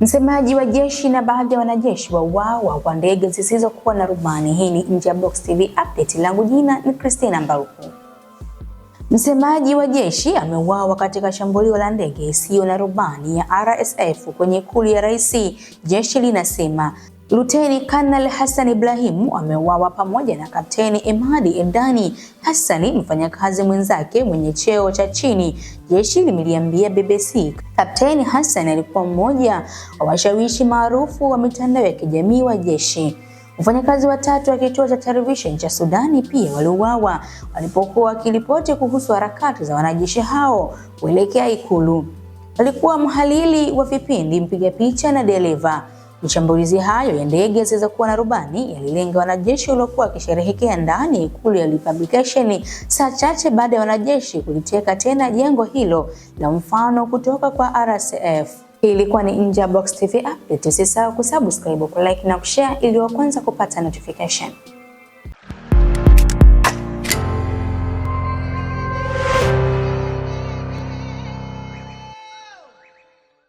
Msemaji wa jeshi na baadhi ya wanajeshi wauawa kwa ndege zisizokuwa na rubani. Hii ni Nje ya Box TV update, langu jina ni Christina Mbaruku. Msemaji wa jeshi ameuawa katika shambulio la ndege isiyo na rubani ya RSF kwenye ikulu ya rais, jeshi linasema. Luteni Kanal Hassan Ibrahim ameuawa pamoja na Kapteni Emadi Emdani Hassani, mfanyakazi mwenzake mwenye cheo cha chini, jeshi limeliambia BBC. Kapteni Hassan alikuwa mmoja wa washawishi maarufu wa mitandao ya kijamii wa jeshi. Wafanyakazi watatu wa kituo cha televisheni cha Sudani pia waliuawa walipokuwa wakiripoti kuhusu harakati za wanajeshi hao kuelekea ikulu. Alikuwa mhalili wa vipindi, mpiga picha na dereva. Mashambulizi hayo ya ndege yasiweza kuwa na rubani yalilenga wanajeshi waliokuwa wakisherehekea ndani ya ikulu ya Republication saa chache baada ya wanajeshi kuliteka tena jengo hilo la mfano kutoka kwa RSF. Hii ilikuwa ni Nje ya Box TV Update. Usisahau kusubscribe, kulike na kushare ili wa kwanza kupata notification.